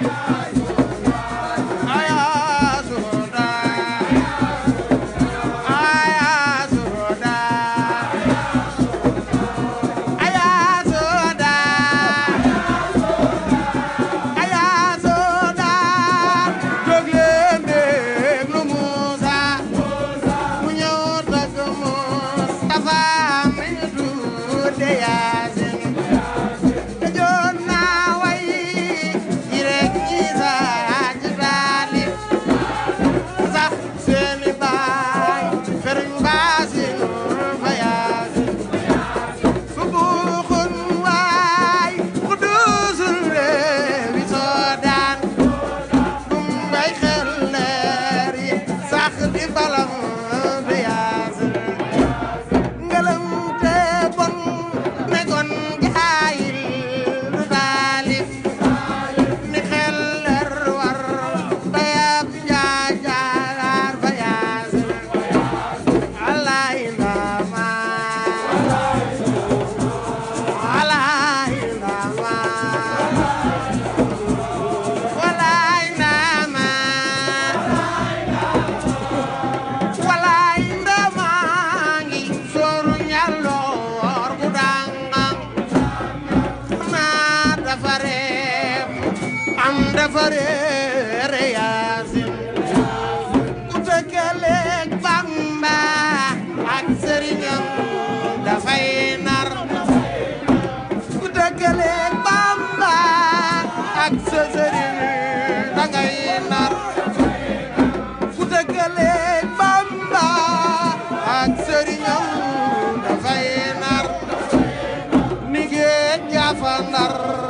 de di balam farere yaasin ku tëkkaleeg Bamba ak sëriñam dafay ku tëkkaleeg Bamba ak sa sëriñ ku tëkkaleeg Bamba ak sëriñam dafay ni géej yaa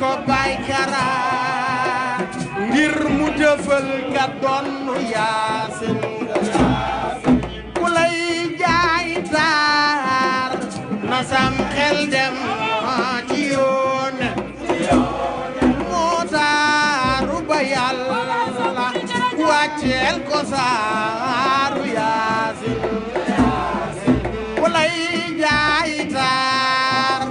ko baykara ngir mu jëfal ka doon yaasin ku lay jaay taar na sam xel dem moo taaru ba yàlla wàcceel ko saaru yaasin ku lay jaay taar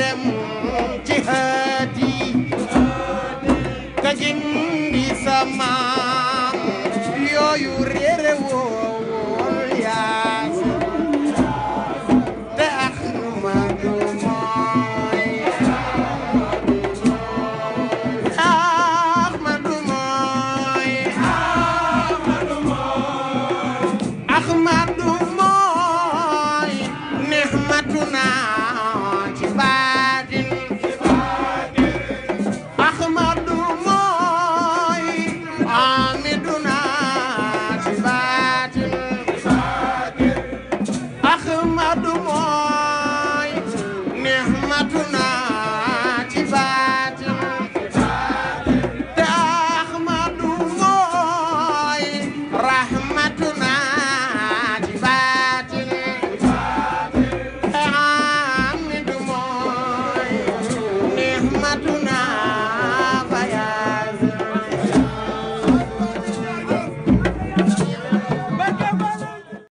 de mucha